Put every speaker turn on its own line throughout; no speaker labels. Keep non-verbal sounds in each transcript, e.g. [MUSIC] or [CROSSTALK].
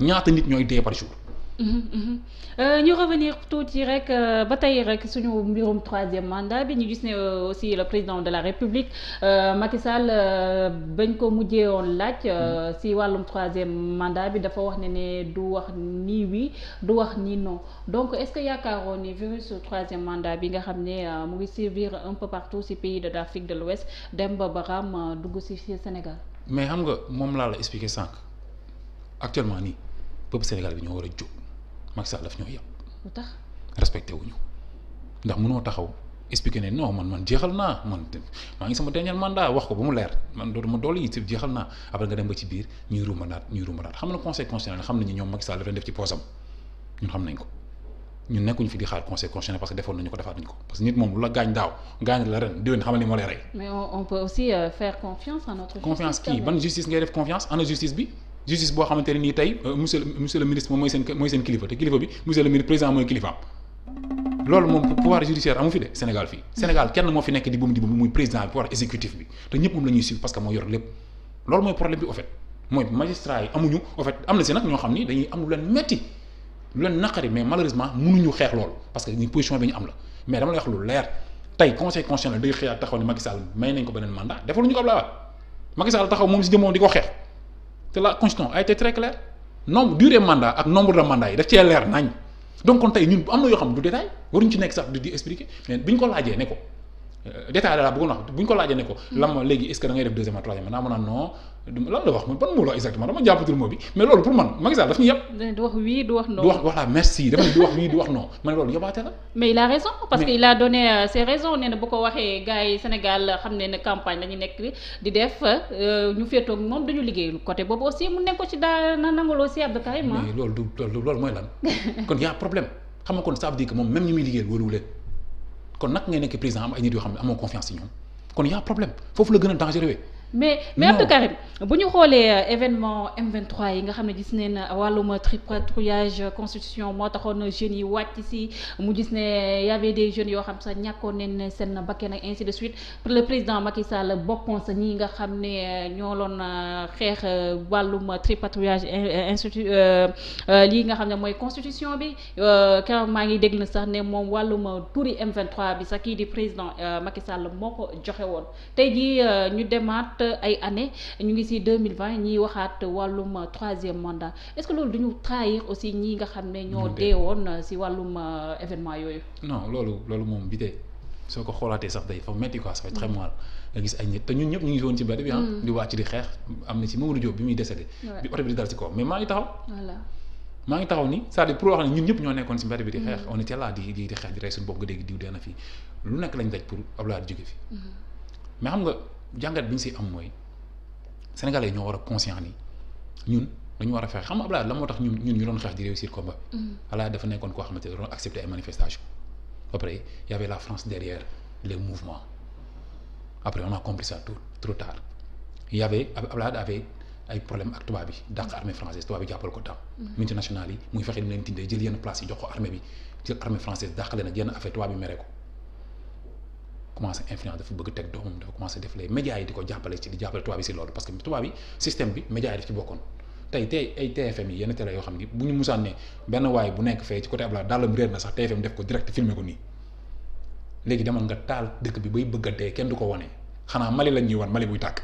ñaata nit ñooy dee par jour.
Euh, ñu revenir tuuti rek euh, ba tey rek suñu mbirum troisième mandat bi ñu gis ne euh, aussi le président de la république Macky Sall bañ ko mujjee woon laaj mm. si wàllum troisième mandat bi dafa wax ne ne du wax nii oui du wax nii no donc est-ce que yaakaaroon ni virus troisième mandat bi nga xam ne mu ngi sévir un peu partout si pays de l'Afrique de l'Ouest dem ba baram dugg si fii Sénégal
mais xam nga moom laa la expliqué sànq actuellement peuple Sénégal bi ñoo war a jóg Macky Sall daf ñoo yab. lu tax respecté wuñu ndax mënoo taxaw expliqué ne non man man jeexal naa man maa ngi wax ko ba mu leer man dootuma dool yi jeexal naa après nga dem ba ci biir ñuy ruumanaat ñuy ruumanaat xam na conseil constitutionnel xam nañu ñoom Macky Sall dafa def ci poosam ñun xam nañ ko. ñun nekkuñu fi di xaar conseil constitutionnel parce que defoon nañu ko defaat nañu ko parce nit moom lu la gaañ daaw gaañ la ren déwén justice boo xamante ne nii tey euh, monsieur monsieur le ministre moom mooy seen kilifa te kilifa bi monsieur le ministre président mooy kilifaam loolu moom pouvoir judiciaire moo fi nekk di bum di bum muy président amuñu au am na si nag ñoo xam ni dañuy am ñu position bi ñu am la mais dama lay wax lu leer tey conseil constitutionnel day xëyaat taxaw ni Macky may nañ ko beneen mandat defaluñu ko Abdoulaye Wade Macky Sall taxaw moom si jëmoon di ko xeex que la constitution a été très claire nombre durée mandat ak nombre de mandat yi daf cee leer nañ donc kon tey ñun am na yoo xam du détail waruñu ci nekk sax du di expliquer mais bi ñu ko laajee ne ko Euh, détail la bëggoon wax bu ñu ko laajee ne ko. Hmm. lan ma léegi est-ce def deuxième troisième maanaam la wax man ban moo la ne
wax oui du wax loolu
la.
mais a raison parce que a donné euh, la ñu nekk di def euh, ñu féetoog moom dañu liggéey côté ko ci daa na nangul aussi Abdou Karim
ah. lan kon y problème xam nga kon ça veut dire moom même ñi muy liggéeyal wóoluwu leen kon nag ngay nekk président am ne amoo confiance ci ñoom kon y' a problème foofu la gën a dangereux
mais mais Abdou Karim bu ñu xoolee euh, événement M23 yi nga xam ne gis neen euh, wàllum tripatouillage euh, constitution moo taxoon jeunes yi wàcc si mu gis ne y avait des jeunes yoo xam ne sax ñàkkoon neen seen bakkan ak ainsi de suite le président Macky Sall bokkoon sa ñi nga xam ne ñoo loon xeex wàllum tripatouillage institut lii nga xam ne mooy constitution bi keroog maa ngi déglu na sax ne moom wàllum turi M23 bi sax kii di président Macky Sall moo ko joxe woon ay années ñu ngi si deux mille vingt ñiy waxaat wàllum troisième mandat est-ce que loolu du ñu aussi ñi nga xam ne ñoo deewoon si wàllum euh, événement yooyu
non loolu loolu moom bi soo ko xoolaatee sax day fa metti quoi ça fait mm. gis ay nit te ñun ñëpp ñu ngi woon ci mbedd bi ah mm. di wàcc di xeex am na ci Mamadou Diop bi muy décédé bi maa ngi taxaw maa ngi taxaw ni c'est-à-dire pour wax ne ñun ñëpp ñoo nekkoon ci mbedd bi di xeex mm. on était di di xeex di rey suñu bopp nga dégg diw dee na fii lu nekk lañ daj po Abdoulaye jóge fi
mm-hmm.
mais jàngat bi ñu si am mooy sénégalais ñoo war a conscient ni ñun dañu war a fexe xam nga Abdoulaye la moo tax ñun ñun ñu doon xeex di réussir combat bi. Mm-hmm. Abdoulaye dafa nekkoon koo xamante ne doon accepter ay manifestations. après y avait la France derrière les mouvements après on a compris ça tout trop tard y avait Abdoulaye avait ay problème ak tubaab bi dàq armée française tubaab bi jàppal ko tam. Mm-hmm. multinationales yi muy fexe ni leen tindee jël yenn place yi jox ko armée bi jël armée française dàq leen ak yenn affaire tubaab bi teg doomam commencé def les médias yi di ko jàppale ci di jàppale tubaab yi si loolu parce que tubaab yi système bi médias yi daf ci bokkoon tey tey ay TFM yi yenn télé yoo xam ni bu ñu musaan ne benn waay bu nekk fee ci côté Abla daalam réer na sax TFM def ko direct filmer ko nii léegi demal nga taal dëkk bi bay bëgg a dee kenn du ko wone xanaa Mali lañ ñuy wan Mali buy tàkk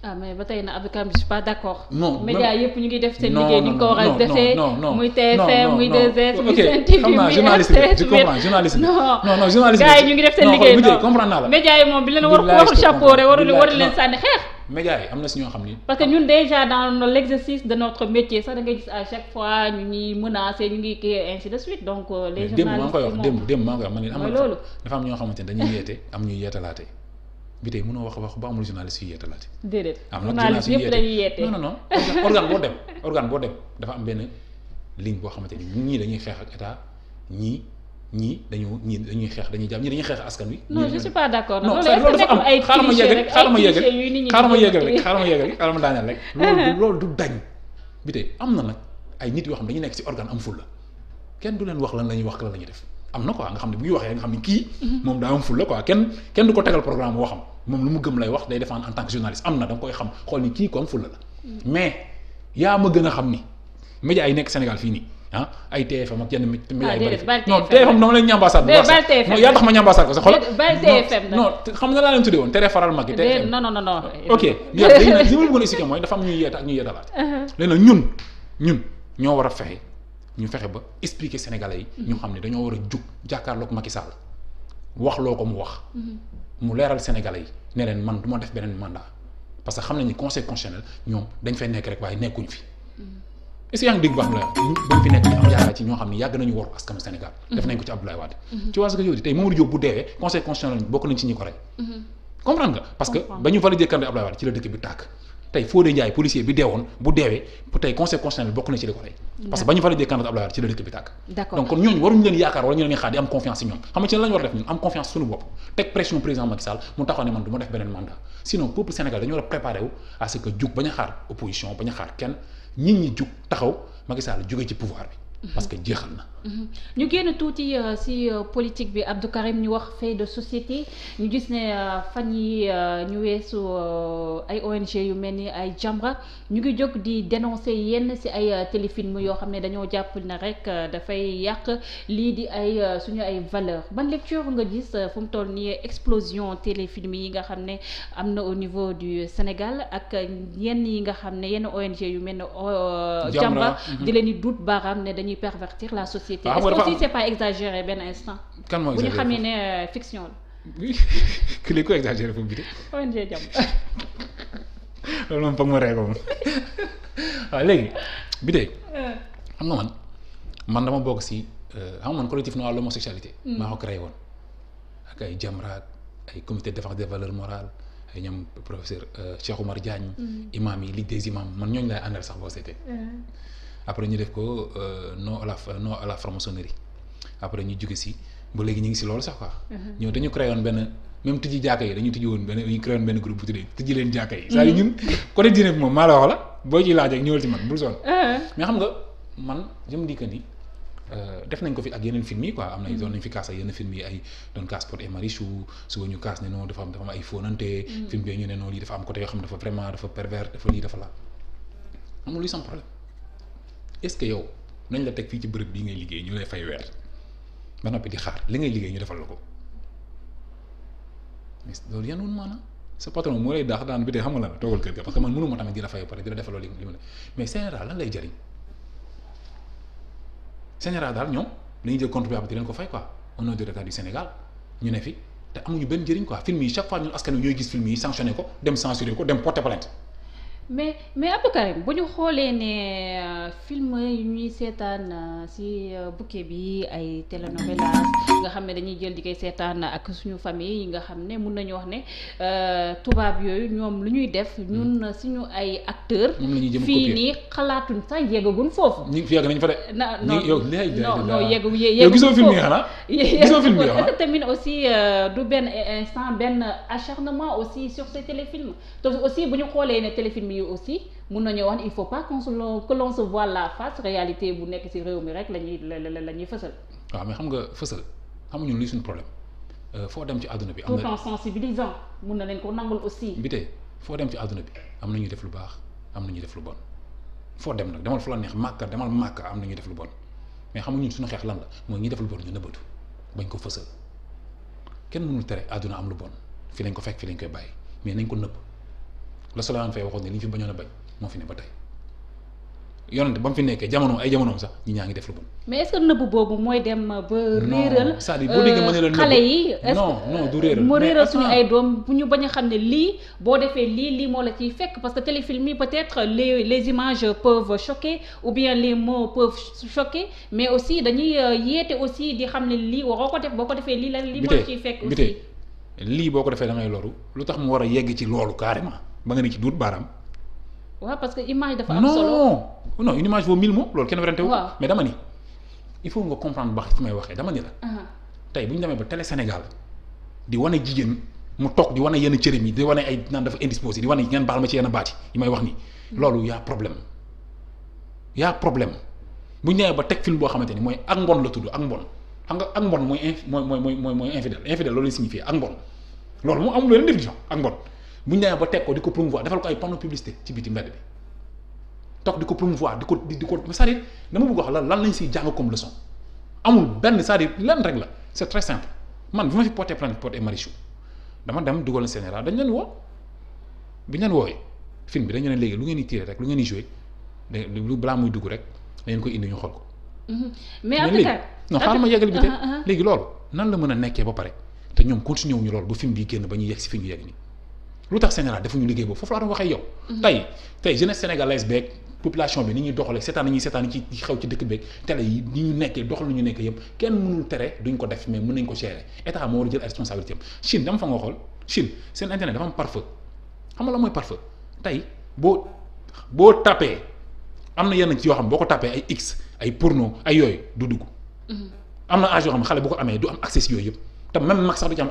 ah mais ba tey na avocat bi je suis pas d' accord. non média yëpp ñu ngi def seen liggéey ni ko war a defee. non non muy TFM muy 2S muy Sen TV muy RTS non non non journaliste gars yi ñu ngi def seen liggéey non
comprendre naa la. média
yi moom bi leen war ko waxul chapeau rek waru waru leen sànni xeex.
média yi am na si ñoo xam ni.
parce que ñun déjà dans l' exercice de notre métier sax da ngay gis à chaque fois ñu ñuy menacé ñu ngi kii ainsi de suite donc. Euh, les journalistes démb maa ngi koy wax démb
démb maa ngi koy wax man am na dafa am ñoo xamante ne dañuy yeete am ñuy yeetalaate bi tey mënoo wax wax ba amul journaliste yu yeetalaati.
déedéet journaliste yëpp dañuy yeete non non non organe
boo dem organe boo dem dafa am benn ligne boo xamante ni ñii dañuy xeex ak état ñii ñii ñii dañuy xeex dañuy jàpp ñii dañuy xeex askan wi. non je suis
pas d'accord loolu est xaaral ma yegg rek xaaral ma yegg rek xaaral ma yegg
rek xaaral ma daaneel rek. [LAUGHS] loolu loolu du dañ bi am na nag ay nit yoo xam dañu nekk ci organe am ful la kenn du leen wax lan la ñuy wax lan la ñuy def am na quoi nga xam ne buy waxee nga xam ne kii. Mhm. moom daa am ful la quoi kenn kenn du ko tegal programme boo xam moom lu mu gëm lay wax day défendre en tant que journaliste am na da koy xam xool ni kii ko am ful la. Mhm. mais yaa ma gën a xam ni média yi nekk Sénégal fii nii ah ay TFM ak yenn média yi bari ah, non TFM dama leen ñambaasaat bu baax sax non ma ñambaasaat ko sax xool non xam nga laa leen tuddee woon tere faral mag yi TFM non non ok li ma bëggoon expliquer mooy dafa am ñuy yeeta ak ñuy yeetalaat uh-huh. léegi nag ñun ñun ñoo war a fexe ñu fexe ba expliquer sénégalais yi. Mm-hmm. ñu xam ne dañoo war a jug jàkkaarloog Macky Sall wax loo ko mu wax. Mm-hmm. mu leeral sénégalais yi ne leen man du ma def beneen mandat parce que xam nañ ni conseil constitutionnel ñoom dañ fay nekk rek waaye nekkuñu fi. Mm-hmm. est-ce que yaa ngi dégg baax la bañ fi nekk ñu am yaakaar ci ñoo xam ne def nañ ko ci Abdoulaye Wade. ci wàllu bokk nañ ci ñi ko rek. comprendre nga ci la dëkk bi tàkk. tey Fodé Ndiaye policier bi deewoon bu deewee bu tey conseil constitutionnel bi bokk na ci li ko tey parce que ba ñu validé candidat Abdoulaye Wade ci la dëkk bi tàkk donc kon ñooñu waruñu leen yaakaar wala ñu leen xaar di am confiance ci ñoom xam nga ci la ñu war a def ñun am confiance suñu bopp teg pression président Macky mu taxaw ne man du def beneen mandat sinon peuple sénégalais dañu war a préparé wu à ce jug bañ xaar opposition bañ xaar kenn bi parce que jeexal na.
ñu génn tuuti ci euh, euh, politique bi Abdou Karim ñu wax fait de société ñu gis ne euh, fan yi ñu weesu ay ONG yu mel ni ay Jamra ñu ngi jóg di dénoncer yenn ci ay téléfilm yoo xam ne dañoo jàpp na rek dafay yàq lii di ay suñu ay valeur ban lecture nga gis fu mu toll nii explosion téléfilm yi nga xam ne am na au niveau du Sénégal ak yenn yi nga xam ne yenn ONG yu mel ni Jamra mhm. di leen di duut baaraam ne dañuy pervertir la société. Ah, est-ce que aussi c'est pas exagéré benn instant.
kan moo euh, [LAUGHS] oh, [LAUGHS] ma [LAUGHS] euh. bokk si euh, xam nga man collectif noir mm. de défense des ay ñoom professeur Cheikh Oumar mm. yi ligue des man ñooñu laay àndal sax boo seetee. après ñu def ko euh, non à la non à la après ñu jóge si ba léegi ñu ngi si loolu sax quoi. Mhm. ñoo dañu créé benn même tijji jàkka yi dañu tijji woon benn dañu créé bu tuddee leen jàkka yi. c'est-à-dire ñun mhm. [LAUGHS] côté diine bi moom maa la wax la boo ciy laajee ñëwal ci man bul sonn. Uh-huh. mais xam nga man jëm me dis que ni. Euh, def nañ ko fi ak yeneen film yi quoi am na doon mhm. nañ fi kaas ak yeneen film yi ay doon kaas Pod et Marichou suba ñu kaas ne non dafa am dafa am ay ne noonu lii dafa am côté yoo xam dafa vraiment est-ce que yow nañ la teg fii ci bërëb bii ngay liggéey ñu lay fay weer ba noppi di xaar li ngay liggéey ñu defal la ko mais loolu yan woon maanaam sa patron moo lay daax daan bi tey xam nga la toogal kër ga parce que man mënuma tamit di la fay pare di defal loolu li mais général lan lay jëriñ général daal ñoom dañuy jël contribuable di leen ko fay quoi au nom de l'État du Sénégal ñu ne fi te amuñu benn njëriñ quoi film yi chaque fois ñun askan wi ñooy ko dem censuré ko dem porter plainte
mais mais Abdou Karim bu ñu xoolee ne euh, film yi ñuy seetaan euh, si euh, bouquet bi ay telenovelas nga xam ne dañuy jël di koy seetaan ak suñu famille yi nga xam ne mun nañu wax ne tubaab yooyu ñoom lu ñuy def ñun hmm. suñu ay acteurs. fii nii xalaatuñ sax yeggaguñ foofu.
ñu yegg nañ fa de.
na non non non yeggu yeggu. gisoo film yi xanaa gisoo film bi est-ce que tamit aussi euh, benn euh, instant benn acharnement aussi sur ces téléfilms te aussi bu ñu xoolee ne téléfilms yi aussi mun nañoo wax ne il faut pas qu'on se que l'on bu nekk ci réew mi rek la ñuy la ñuy fësal.
waaw mais xam nga fësal xamuñu luy suñu problème euh, foo dem ci àdduna bi. am na tout en
sensibilisant mun na leen ko nangul aussi.
bi foo dem ci àdduna am na ñuy def lu baax am na ñuy def lu bon foo dem nag demal fu la neex màkka demal màkka am na ñuy def lu bon mais xamuñu suñu xeex lan la mooy ñuy def lu bon ñu nëbbatu. bañ ko fësal kenn mënul tere àdduna am lu bon fi lañ ko fekk fi lañ koy bàyyi mais nañ ko nëbb la Souleymane Faye waxoon ne li ñu fi bañoon bañ moo fi ne ba tey yonante ba mu fi nekkee jamono ay jamonoom sax ñi ñaa ngi def lu bon.
mais est-ce que nëbb boobu mooy dem ba. réeral cest à ma ne la euh, nëbb xale yi. non non du réeral suñu ay doom bu ñu bañ a xam ne lii boo defee lii lii moo la ciy fekk parce que téléfilm yi peut-être les les images peuvent choquer ou bien les mots peuvent choquer mais aussi dañuy euh, yeete aussi di xam ne lii waroo ko def boo ko defee lii la lii moo la ciy fekk aussi
lii boo ko defee da ngay loru lu tax mu war a yegg ci loolu carrément ba nga ne ci duut baaraam
waa parce que image dafa am solo
non non une image vaut mille mots loolu kenn werante wu. mais dama ni il faut nga comprendre baax fi may waxee dama ni la. tey bu ñu demee ba télé Sénégal di wane jigéen mu toog di wane yenn cëram yi di wane ay naan dafa indisposé di wane ngeen baal ma ci yenn baat yi may wax nii. Hmm. loolu y' a problème yaa problème bu ñu demee ba teg film boo xamante ni mooy ak mbon la tudd ak mbon xam nga ak mbon mooy inf mooy mooy mooy mooy infidèle infidèle loolu la signifie ak mbon mu amul benn définition bu ñu demee ba teg ko di ko promouvoir defal ko ay panneau publicité ci biti mbedd bi toog di ko promouvoir di ko di ko c'est-à-dire dama bëgg wax lan lan lañ siy jàng comme leçon amul benn cest à rek la c'est très simple man bu ma fi porté plainte porté Marichou dama dem dugal na général dañ leen woo bi ñu leen woowee film bi dañu ne léegi lu ngeen di tiré rek lu ngeen di joué lu balaa muy dugg rek dañu ko indi ñu xool ko.
Mm-hmm. mais en tout cas non xaaral ma yeggali bi te uh-huh, uh-huh.
léegi loolu nan la mën a nekkee ba pare te ñoom continué wuñu loolu ba film bi génn ba si fi ñu yegg nii. lu tax Sénégal defuñu liggéey boobu foofu laa doon waxee yow. Mhm. tey tey jeunesse sénégalaise beeg population bi ni ñuy doxalee seetaan nañuy seetaan ci xew ci dëkk beeg télé yi ni ñu nekkee doxal nañu nekk yëpp kenn mënul tere duñ ko def mais mun nañ ko gérer état moo war a jël responsabilité am Chine dama fa pare-feu xam nga la mooy pare-feu tey boo boo tapee am na yenn ci yoo xam boo ko tapee ay x ay porno ay yooyu du dugg. Mhm. am na âge yoo xam xale bu ko amee du am accès si yooyu yëpp te même mag sax du ci am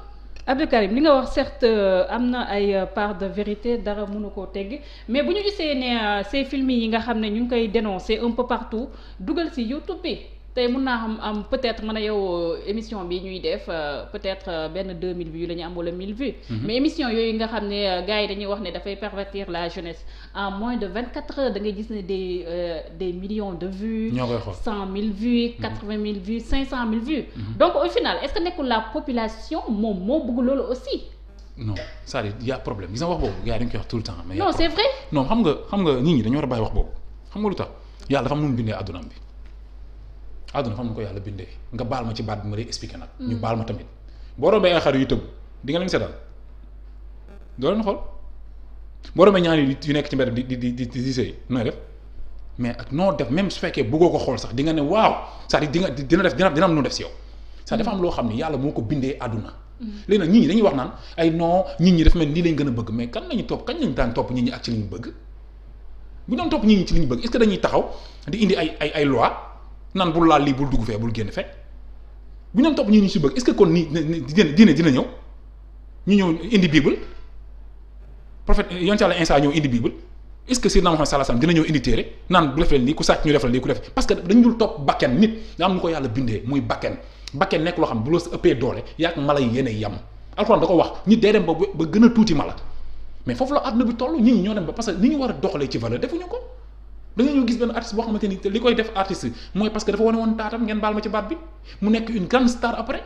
Abdou Karim li nga wax certes euh, am na ay euh, part de vérité dara munu koo tegg mais bu ñu gisee ne euh, ces films yi nga xam ne ñu ngi koy dénoncer un peu partout dugal ci YouTube bi tey mun naa xam am peut-être man a yow émission bi ñuy def euh, peut-être euh, benn deux vues la ñu am wala 1000 vues. Mhm. mais émission yooyu nga xam ne euh, gars yi dañuy wax ne dafay pervertir la jeunesse en moins de 24 heures da ngay gis ne des millions de vues. ñoo koy xool 100000 vues. 80000 mhm. vues 500000 vues. Mhm. donc au final est-ce que nekkul la population moom moo bëgg loolu aussi.
non c'est-à-dire a problème gis nga wax boobu gars yi xam nga xam nga nit ñi dañu war a bàyyi wax boobu xam nga lu tax bi. àdduna xam nga ko yàlla bindee nga baal ma ci baat bi ma lay expliqué nag. ñu baal ma tamit boo rombee ay xar yu tëb di nga leen seetaan doo leen xool boo rombee ñaari yu nekk ci mbedd di di di di di sëy nooy def mais ak noo def même su fekkee bëggoo ko xool sax di nga ne waaw c'est-à-dire di nga dina def dina am def si yow. sax dafa loo xam ne yàlla moo ko bindee àdduna. léegi nag nit ñi dañuy wax ay non nit ñi dafa mel nii lañ gën a bëgg mais kan lañu topp kañ lañu daan topp nit ñi ak ci li ñu bëgg bu ñu daan topp nit ñi ci li ñu bëgg est dañuy taxaw di indi ay ay ay loi nan bu laal lii bul dugg fee bul génn fee bu ñu doon topp ñu ñu si kon nii diine dina ñëw ñu ñëw indi bible prophète yonent Yàlla Iisaa ñëw indi bible est-ce que Seydina Muhammad sallallahu alayhi wasallam dina ñëw indi téere naan bu def leen lii ku sàcc ñu def leen lii ku def parce que dañu dul topp bakken nit nga am nu ko yàlla bindee muy bakken bakken nekk loo xam bu la ëppee doole yaag mala yi yéen yam alxuraan da ko wax nit day dem ba ba gën a tuuti mala mais foofu la àdduna bi toll nit ñi ñoo dem ba parce que ni ñu ko danga nga ñëw gis benn artiste boo xamante ni li koy def artiste mooy parce dafa wane woon taatam ngeen baal ma ci baat bi mu nekk une grande star après